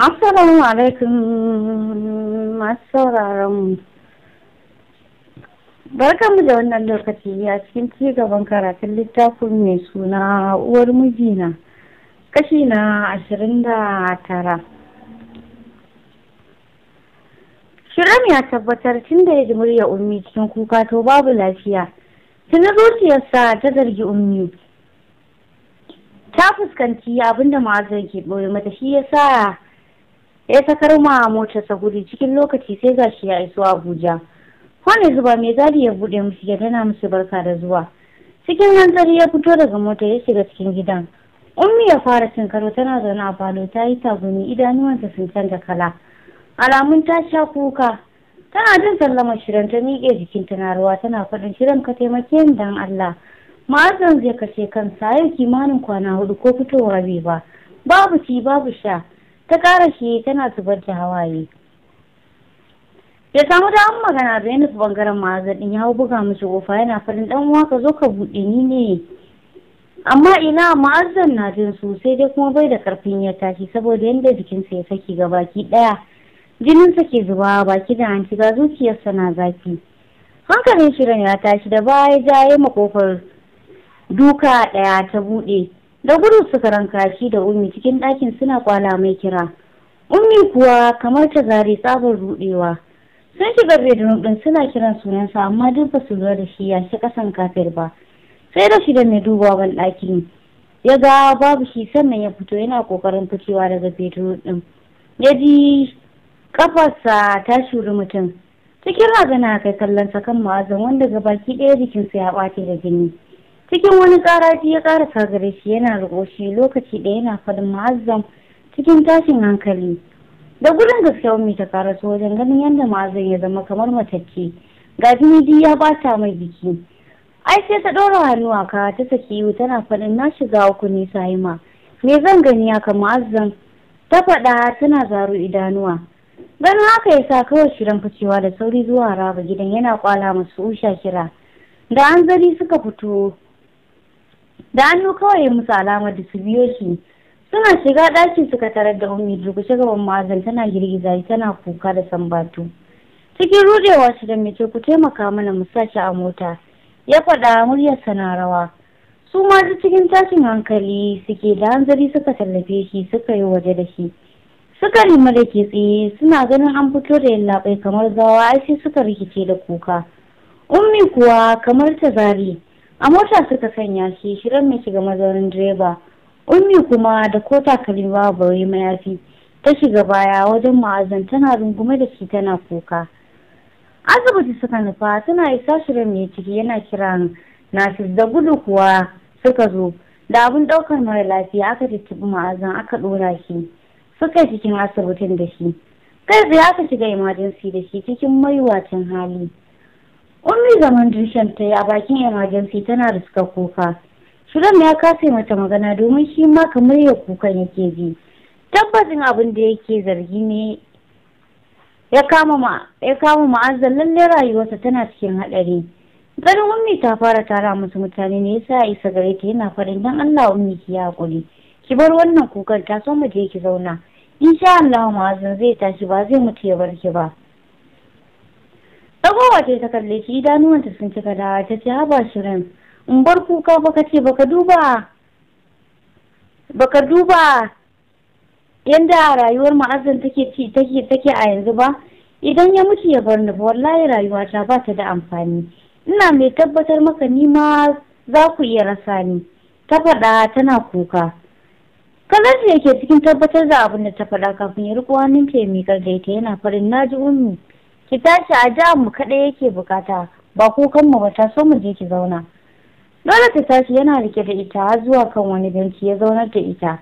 Assalamu alaikum masu sauraron Barkanmu da wannan lokaci a cikin ci gaban karatun littafin mai suna uwar mijina kashi na ashirin da tara. Shiram ya tabbatar tun da ya ji murya ummi cikin kuka to babu lafiya. Tun zuciyarsa ta zargi ummi. Ta fuskanci abinda ma'azar ke ɓoye mata shi ya sa ya sakar ma motarsa gudu cikin lokaci sai gashi ya iso abuja wani zuba mai gadi ya buɗe musu ya tana musu barka da zuwa cikin hanzari ya fito daga mota ya shiga cikin gidan ummi ya fara cin karo tana zaune a falo ta yi tagumi idanuwanta sun canza kala alamun ta sha kuka tana jin sallama shirin ta miƙe jikin tana ruwa tana faɗin shirin ka taimake ni dan Allah ma'azan zai kashe kansa yau kimanin kwana hudu ko fitowa bai ba babu ci babu sha ta ƙara shi tana zubar da hawaye ya samu damar magana da yanzu bangaren ma'azin ya buga musu kofa yana farin ɗan uwa ka zo ka buɗe ni ne amma ina ma'azin na jin sosai dai kuma bai da karfin ya tashi saboda yadda jikinsa ya saki ga baki ɗaya jininsa ke zuba baki da hanci ga zuciyarsa na zafi hankalin shirin ya tashi da baya ja ya makofar duka ɗaya ta buɗe da gudun suka ranka da ummi cikin ɗakin suna kwala mai kira ummi kuwa kamar ta zare tsabar rudewa sun shiga bedroom ɗin suna kiran sunansa amma duk ba su lura da shi ya shi kasan kafir ba sai da shi da mai duba ban ɗakin ya ga babu shi sannan ya fito yana kokarin fitowa daga bedroom ɗin ya ji kafarsa ta shuri mutum cikin ragana kai kallon sa kan ma'azin wanda ga baki ɗaya jikinsa ya ɓace da jini cikin wani ƙara ya kara gare shi yana ruboshi lokaci da yana faɗin ma'azzam cikin tashin hankali da gudun gaske mai ta su wajen ganin yadda ma'azin ya zama kamar matacce ga jini ya bata mai biki. ai sai ta ɗora hannu a ka ta saki yiwu tana faɗin na shiga uku nisa haima. me zan gani ya ka ma'azzam ta faɗa tana zaro idanuwa ganin haka ya sa kawai shirin ficewa da sauri zuwa raba gidan yana kwala masu usha kira da an zari suka fito da hannu kawai musu alamar da su biyo shi suna shiga ɗakin suka tarar da ummi durkushe gaban ma'azin tana girgiza tana kuka da sambatu cikin rudewa shi da mace ku taimaka mana mu sa shi a mota ya faɗa muryarsa na rawa su ma cikin tashin hankali suke da hanzari suka tallafe shi suka yi waje da shi suka nemi da ke tsaye suna ganin an fito da yin labai, kamar zawa ai sai suka rikice da kuka ummi kuwa kamar ta zari a mota suka sanya shi shirin mai shiga mazaunin direba ummi kuma da ko takalmi babu yi mayafi ta shiga baya wajen ma'azin tana rungume da shi tana kuka asibiti suka nufa suna isa shirin mai ciki yana kiran nasu da gudu kuwa suka zo da abin ɗaukar mara lafiya aka tattabi ma'azin aka ɗora shi suka cikin asibitin da shi kai tsaye aka shiga emergency da shi cikin maiwacin hali Ummi zaman dushen ta a bakin emergency tana da riska kuka. Shirin ya kasa mata magana domin shi ma kamar ya kukan yake bi. Tabbacin abin da yake zargi ne ya kama ma'azin lallai rayuwarsa tana cikin haɗari. Ganin ummi ta fara tara musu mutane ne sa ya isa gare ta yana farin dan Allah ummi ki haƙuri. Ki bar wannan kukan ta so mu je ki zauna. In sha Allah ma'azin zai tashi ba zai mutu ya bar ki ba. Ɗagowa ce ta kalle shi idanuwanta sun cika da ta ce haba shirin in bar kuka ka ce baka duba duba yanda rayuwar ma'azin take ci take take a yanzu ba idan ya mutu ya bar ni wallahi rayuwa ta ba ta da amfani ina mai tabbatar maka ni ma za ku iya rasa ni ta faɗa tana kuka kalar da yake cikin tabbatar da abin da ta faɗa kafin ya riƙo hannun ta miƙar da ita yana farin na ji ummi ki tashi a ja mu kaɗai yake bukata ba kukan mu ba ta so mu je ki zauna dole ta tashi yana rike da ita har zuwa kan wani banki ya zaunar da ita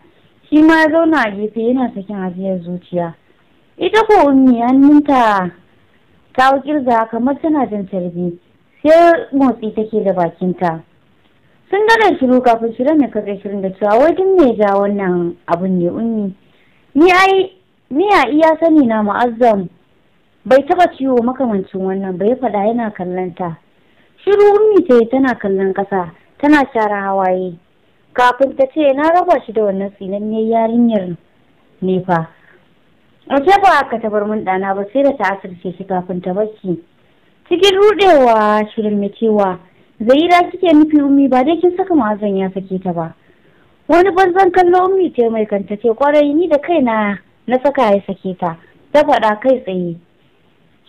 shi ma ya zauna a gefe yana sakin ajiyar zuciya ita ko ummi hannunta ta kirga kamar tana jin tarbi sai motsi take da bakinta sun gana shiru kafin shirin da katse shirin da cewa wai duk me ja wannan abun ne ummi ni ai ni a iya sani na ma'azzam bai taba ciwo makamancin wannan bai faɗa yana kallon ta shiru ummi ce tana kallon ƙasa tana shara hawaye kafin ta ce na raba shi da wannan tsinanniyar yarinyar nefa. fa a ce ba ka tabar mun ɗana ba sai da ta asirce shi kafin ta barci cikin rudewa shirin mai cewa zaira kike nufi ummi ba dai kin saka ma'azan ya sake ta ba wani banzan kallo ummi ce mai kanta ce kwarai ni da kaina na saka ya sake ta ta faɗa kai tsaye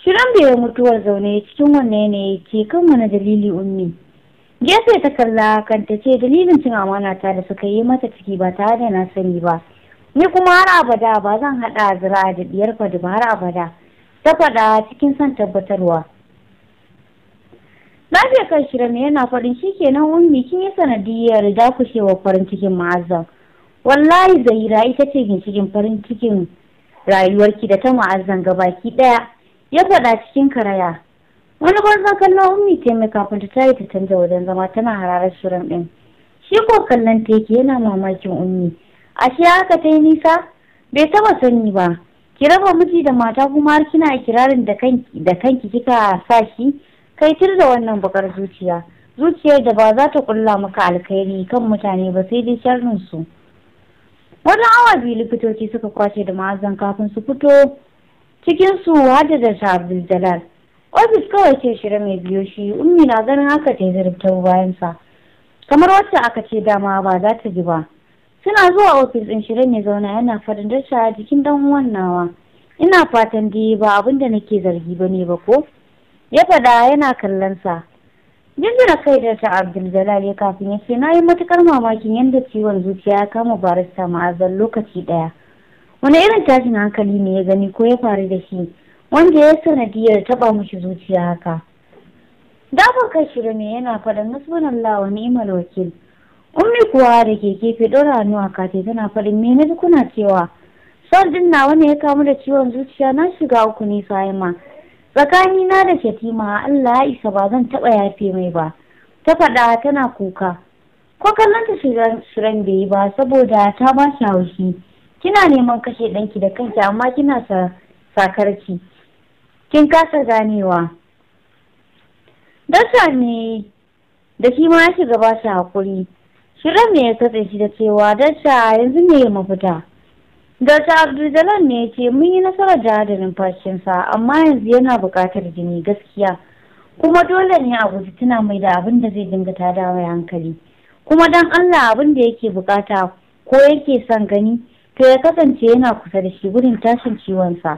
Shirin bai mutuwar zaune cikin wannan yanayi ce kan wani dalili ummi. Gefe ta kalla kanta ce dalilin cin amana ta da suka yi mata ciki ba tare da na sani ba. Ni kuma har abada ba zan haɗa zira da biyar fadi ba har abada. Ta faɗa cikin son tabbatarwa. Na Lafiya kan shirin yana faɗin shi kenan ummi kin yi sanadiyar da dakushewar farin cikin ma'azzam. Wallahi Zahira ita ce ginshikin farin cikin rayuwarki da ta ga gabaki ɗaya. ya faɗa cikin karaya wani gwarzon kallon ummi ta mai kafin ta yi ta canza wajen zama tana hararar shirin ɗin shi ko kallon ta yana mamakin ummi ashe haka ta yi nisa bai taba sani ba ki raba miji da mata kuma har kina kirarin da kanki da kanki kika sa shi kai tir da wannan bakar zuciya zuciyar da ba za ta kulla maka alkhairi kan mutane ba sai dai sharrin su wannan awa biyu likitoci suka kwashe da ma'azan kafin su fito cikin su hada da sabbin jalal ofis kawai ce shirya mai biyo shi ummi na ganin haka ta yi bayan sa kamar wacce aka ce dama ba za ta ji ba suna zuwa ofis din shirin ne zauna yana farin dasha jikin dan uwan nawa ina fatan dai ba abin da nake zargi ba ne ba ko ya faɗa yana kallon sa jinjina kai da ta abdul ya kafin ya ce na yi matukar mamakin yadda ciwon zuciya ya kama barista ma'azan lokaci ɗaya wani irin tashin hankali ne ya gani ko ya faru da shi wanda ya sanadiyar taba mashi zuciya haka dafa kai shi ne yana faɗin nasbunallah wa imar wakil ummi kuwa da ke kefe ɗora hannu a kate tana faɗin me na kuna cewa son din na wani ya kamu da ciwon zuciya na shiga uku ne sa'ima tsakani na da shatima Allah ya isa ba zan taɓa yafe mai ba ta faɗa tana kuka ko kallon ta shirin bai yi ba saboda ta ba shi haushi kina neman kashe ɗanki da kanki amma kina sa sakarci kin kasa ganewa dasa ne da shi ma ya shiga ba shi hakuri shirin ne ya katse shi da cewa dasa yanzu ne ya mafita Dr. abdulzalan ne ya ce mun yi nasarar da da numfashinsa amma yanzu yana buƙatar jini gaskiya kuma dole ne a guji tuna mai da abin da zai dinga tada mai hankali kuma don Allah abin da yake bukata ko yake son gani to ya kasance yana kusa da shi gudun tashin ciwonsa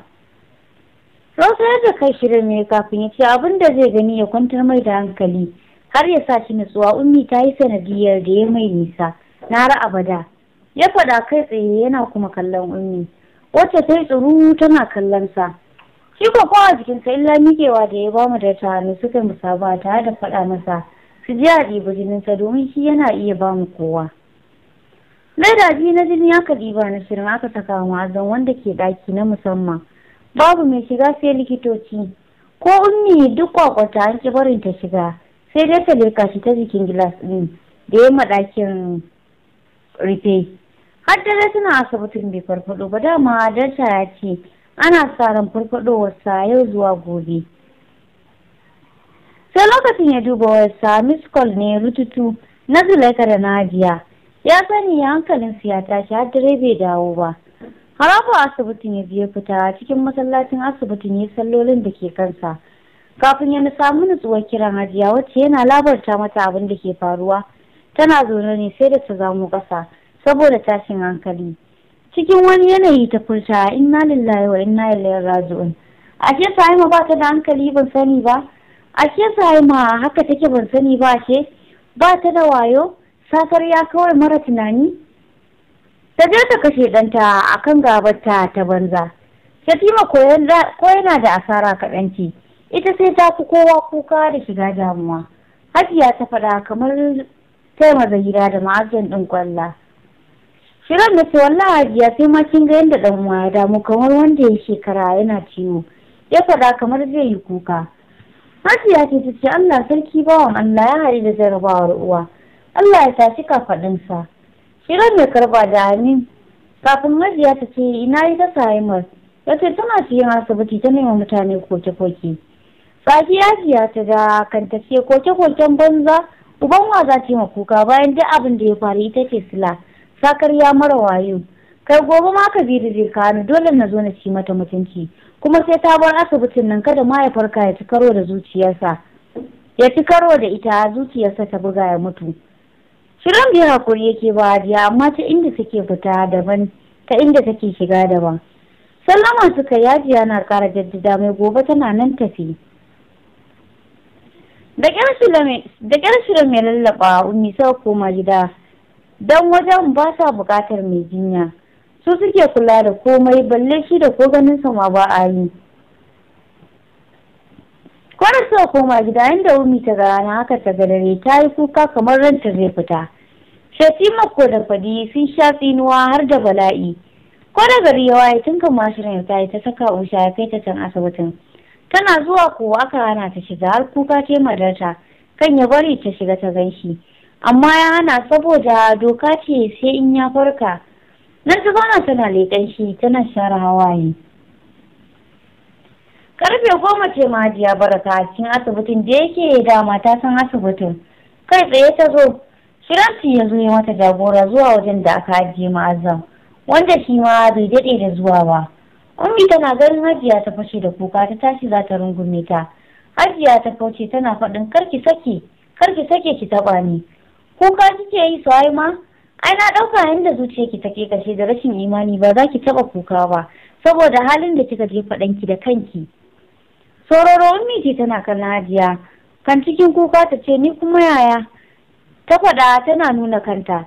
ya da kai shirin ne kafin ya ce abin da zai gani ya kwantar mai da hankali har ya sa shi nutsuwa ummi ta yi sanadiyar da ya mai nisa na abada ya faɗa kai tsaye yana kuma kallon ummi wacce ta yi tsuru tana kallon sa shi ko kowa jikinsa illa miƙewa da ya ba mu da ta hannu suka musaba tare da faɗa masa su ji a ɗibi jininsa domin shi yana iya ba mu kowa Leda na jini aka ɗiba na shirin aka saka ma'azan wanda ke ɗaki na musamman. Babu mai shiga sai likitoci. Ko ummi duk kwakwata an ƙi barin ta shiga. Sai dai ta leka shi ta jikin gilas ɗin da ya maɗakin rufe. Har dare suna asibitin bai farfaɗo ba dama darta ya ce ana sa ran farfaɗowarsa yau zuwa gobe. Sai lokacin ya duba wasa miss call ne rututu na Zulaika da Nadia. ya sani ya su ya tashi har dare bai dawo ba harafa asibitin ya biya fita cikin masallacin asibitin ya sallolin da ke kansa kafin ya samu nutsuwar kiran hajiya wacce yana labarta mata abin da ke faruwa tana zaune ne sai da ta zamo ƙasa saboda tashin hankali cikin wani yanayi ta furta inna lillahi wa inna ilaihi raji'un ashe sa'ima ba ta da hankali ban sani ba ashe sa'ima haka take ban sani ba ashe ba ta da wayo ya kawai mara tunani ta je ta kashe ɗanta a kan gabata ta banza shatima ko yana da asara kaɗan ce ita sai ta fi kowa kuka da shiga damuwa hajiya ta faɗa kamar taima gida da ma'ajin ɗin kwalla shirin da ce wallahi hajiya sai ma kin ga yadda ɗan uwa ya damu kamar wanda ya shekara yana ciwo ya faɗa kamar zai yi kuka hajiya ce ta ce allah sarki bawan allah ya haɗu da jarabawar uwa Allah ya tashi kafaɗinsa. Shirar mai karba da amin. Kafin majiya ta ce ina yi ta sahimar. Ya ce tana cikin asibiti ta nema mutane koke-koke. Tsaki ya ta da kanta ce koke-koken banza uban wa za ta kuka bayan duk abin da ya faru ita ce sila. Sakar ya mara wayo. Kai gobe ma Kabiru zai kano dole na zo na ci mata mutunci. Kuma sai ta bar asibitin nan kada ma ya farka ya ci karo da zuciyarsa. Ya ci karo da ita zuciyarsa ta buga ya mutu. shirin biyu hakuri yake ba Hajiya amma ta inda suke fita daban ta inda take shiga daban. Sallama suka yajiya na ƙara jaddada mai gobe tana nan tafi. Da kyar shirin mai lallaba umi sau koma gida don wajen ba sa buƙatar mai jinya. Su suke kula da komai balle shi da ko ganin sama ba a yi. kwanan suka koma gida inda wumi ta gara rana haka ta galare ta yi kuka kamar ranta zai fita shafi ko da fadi sun sha tsinuwa har da bala'i ko da gari ya waye tun kan mashirin ta yi ta saka usha ya kai ta can asibitin tana zuwa ko aka hana ta shiga har kuka ce madarta kan ya bari ta shiga ta ganshi amma ya hana saboda doka ce sai in ya farka nan ta zauna tana leƙen shi tana share hawaye karfe goma ce ma majiya baraka a cikin asibitin da yake dama ta san asibitin kai tsaye ta zo shirafi ya zo ya mata jagora zuwa wajen da aka ajiye ma'azam wanda shi ma bai daɗe da zuwa ba ummi tana ganin hajiya ta fashe da kuka ta tashi za ta rungume ta hajiya ta kauce tana faɗin karki sake karki sake ki taɓa ni kuka kike yi su ma ai na ɗauka ki zuciyarki ke kashe da rashin imani ba za ki taɓa kuka ba saboda halin da kika je faɗanki da kanki sororo miji tana kan hajiya kan cikin kuka ta ce ni kuma yaya ta faɗa tana nuna kanta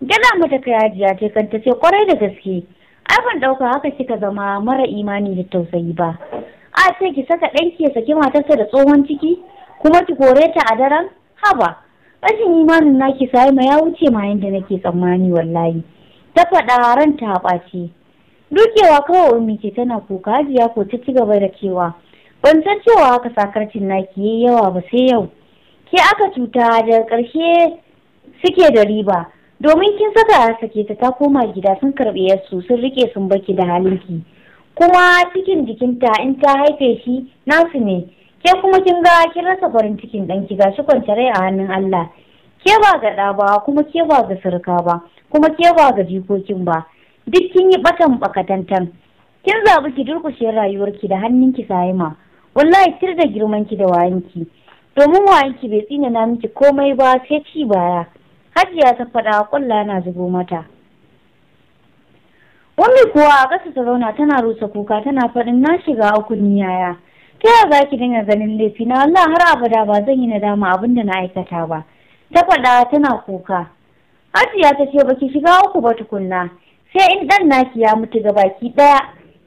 gana mata kai hajiya ce ta ce kwarai da gaske ai ban ɗauka haka kika zama mara imani da tausayi ba a ce ki saka ɗanki ya saki matarsa da tsohon ciki kuma ki kore ta a daren haba rashin imanin naki sai ma ya wuce ma yanda nake tsammani wallahi ta faɗa ranta a ɓaci dukewa kawai ummi ce tana kuka hajiya ko ta ci gaba da cewa ban san cewa haka sakarcin naki yayi yawa ba sai yau ke aka cuta da karshe suke da riba domin kin saka sake ta ta koma gida sun karɓi su sun rike sun baki da halinki kuma cikin jikinta in ta haife shi nasu ne ke kuma kin ga kin rasa farin cikin ɗanki ga shi kwance rai a hannun Allah ke ba ga da ba kuma ke ba ga surka ba kuma ke ba ga jikokin ba duk kin yi batan bakatantan kin zaɓi ki durkushe rayuwarki da hannunki sayima wallahi tir da girman ki da wayanki domin wayanki bai tsina na miki komai ba sai ci baya hajiya ta faɗa ƙulla na zubo mata Wani kuwa a ƙasa ta zauna tana rusa kuka tana faɗin na shiga uku yaya. Ta yaya za ki dinga ganin laifi na wallahi har abada ba zan yi nadama abin da na aikata ba. Ta faɗa tana kuka. Hajiya ta ce baki shiga uku ba tukunna. Sai in ɗan naki ya mutu ga baki ɗaya.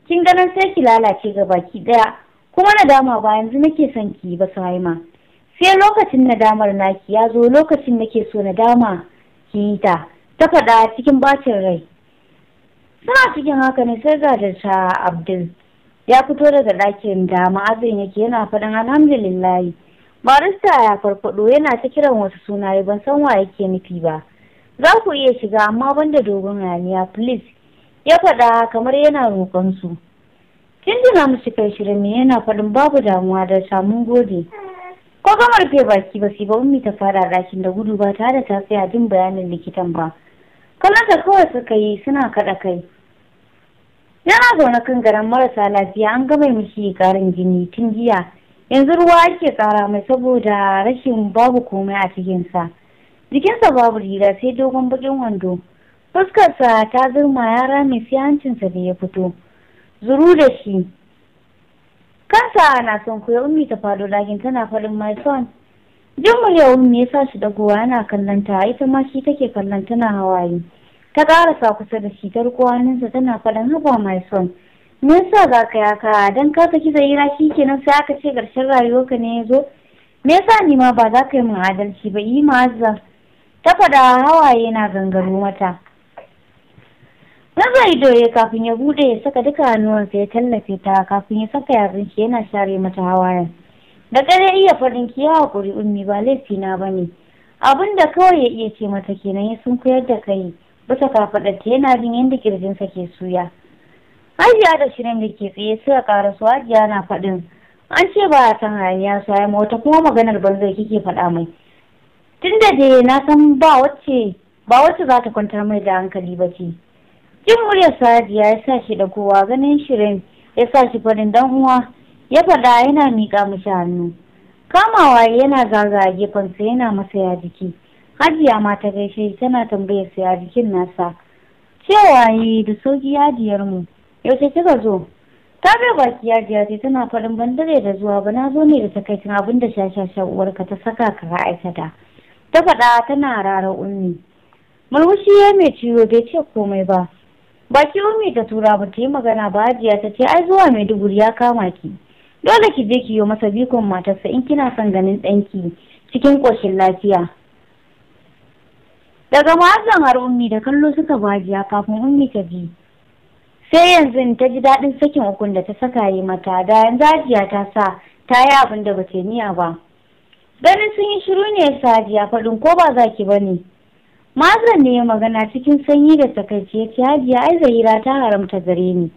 Kin ganin sai ki lalace ga baki ɗaya. kuma nadama ba yanzu nake son ki ba su haima. sai lokacin nadamar naki ya zo lokacin nake so dama ki yi ta ta faɗa cikin bacin rai suna cikin haka ne sai ga ta Abdul ya fito daga ɗakin da ma'azin yake yana faɗin alhamdulillahi barista ya farfaɗo yana ta kiran wasu sunaye ban san wa yake nufi ba za ku iya shiga amma banda dogon raniya please ya faɗa kamar yana roƙon su jinjina suka yi shirin yana faɗin babu damuwa da samun gode ko kamar fiye baki ba sai ba ummi ta fara ɗakin da gudu ba tare da ta tsaya jin bayanin likitan ba da kawai suka yi suna kaɗa kai yana zaune kan garan marasa lafiya an gama mishi ƙarin jini tun jiya yanzu ruwa ake tsara mai saboda rashin babu komai a cikinsa jikinsa babu riga sai dogon bakin wando fuskarsa ta zurma ya rame sai hancinsa da ya fito zuru da shi kansa na son koya ummi ta faɗo ɗakin tana farin my son jin murya ummi ya sa shi da dagowa yana kallon ta ita ma shi take kallon tana hawaye ta ƙarasa kusa da shi ta riko tana faɗin haba my son me yasa za ka ka dan ka saki zaira shi kenan sai aka ce ƙarshen rayuwarka ne ya zo me yasa ni ma ba za ka yi min adalci ba yi ma'azza ta faɗa hawaye na gangaro mata zai ido ya kafin ya bude ya saka duka hannuwansa ya tallafe ta kafin ya saka yarin shi yana share mata hawayen. Da kare iya faɗin ki ya kuri ummi ba laifi na bane ne. Abin da kawai ya iya ce mata kenan ya koyar da kai bisa ta yana jin yadda sa ke suya. Hajiya da shirin da ke tsaye suka ƙara su hajiya na faɗin. An ce ba a san hanya su ya wata kuma maganar banzai kike faɗa mai. Tunda da dai na san ba wacce ba wacce za ta kwantar mai da hankali ba ce. jin muryar sadiya ya sa shi da kowa ganin shirin ya sa shi farin dan uwa ya faɗa yana miƙa mishi hannu kamawa yana zaga a gefensa yana masa ya jiki hajiya ma ta gaishe tana tambayar sa ya jikin nasa cewa yi da soki yadiyar mu yaushe kika zo ta bai baki yadiya ce tana farin dare da zuwa ba na zo ne da takaicin abin da shashasha uwarka ta saka ka aikata ta faɗa tana rara unni murmushi ya mai ciwo bai ce komai ba baki ummi ta tura ba ta yi magana ba hajiya ta ce ai zuwa maiduguri ya kama ki dole ki je ki yi masa bikon matarsa in kina son ganin ɗanki cikin ƙoshin lafiya daga ma'azan har ummi da kallo suka bajiya kafin ummi ta bi sai yanzu ta ji daɗin sakin ukun da ta saka yi mata da yanzu hajiya ta sa ta yi abin da ba ta niya ba ganin sun yi shiru ne sa hajiya faɗin ko ba za ki ba ne Mazan ne ya magana cikin sanyi da takaici ya ce Hajiya ai Zahira ta haramta gare ni.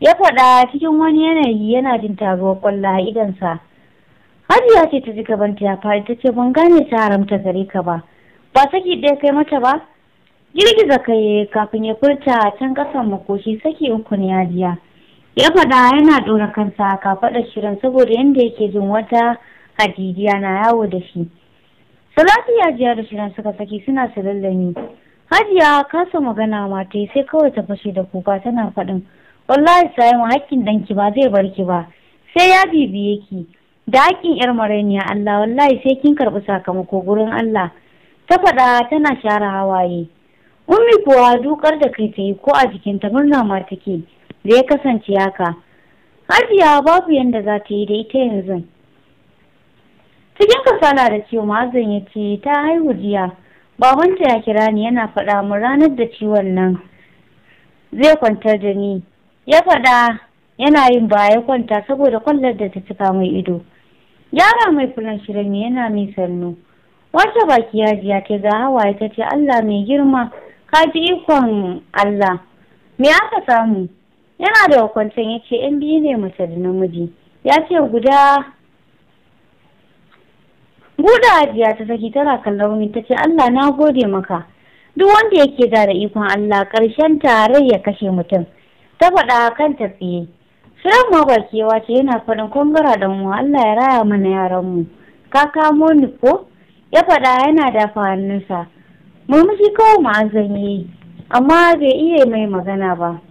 Ya faɗa cikin wani yanayi yana jin taruwar kwallo a idonsa. Hajiya ce ta ji gabanta ya faɗi ta ce ban gane ta haramta gare ka ba. Ba saki ɗaya kai mata ba? Girgiza kai kafin ya furta can ƙasan makoshi saki uku ne Hajiya. Ya faɗa yana ɗora kansa kafaɗar shirin saboda yadda yake jin wata hadijiya na yawo da shi. Salatu ya jiya da shirin suka saki suna salallami. Hajiya kasa magana ma ta sai kawai ta fashe da kuka tana faɗin. Wallahi mu hakkin danki ba zai bar ki ba. Sai ya bibiye ki. Da hakkin yar marainiya Allah wallahi sai kin karɓi sakamako gurin Allah. Ta faɗa tana share hawaye. Ummi kuwa dukar da kai ta yi ko a jikinta murna ma take. Da ya kasance haka. Hajiya babu yadda za ta yi da ita yanzu. cikin kasala da ciwo ma'azan ya ce ta haihu jiya babanta ya kira ni yana faɗa mu ranar da ciwon nan zai kwantar da ni ya faɗa yana yin ba ya kwanta saboda kwallar da ta cika mai ido yara mai fulan shirin yana mai sannu wata baki ya jiya ta ga ya ta ce allah mai girma ka ji ikon allah me aka samu yana da hukuncin ya ce yan biyu ne mace da namiji ya ce guda buɗe ajiya ta saki tana kallon rumin ta ce allah na gode maka duk wanda yake da da ikon allah ƙarshen tare ya kashe mutum ta faɗa kan ta tsiye shirin mabarkewa ce yana faɗin kwangara da mu allah ya raya mana yaranmu ka kamo ni ko ya faɗa yana dafa hannunsa murmushi kawai ma'azan yi amma bai iya mai magana ba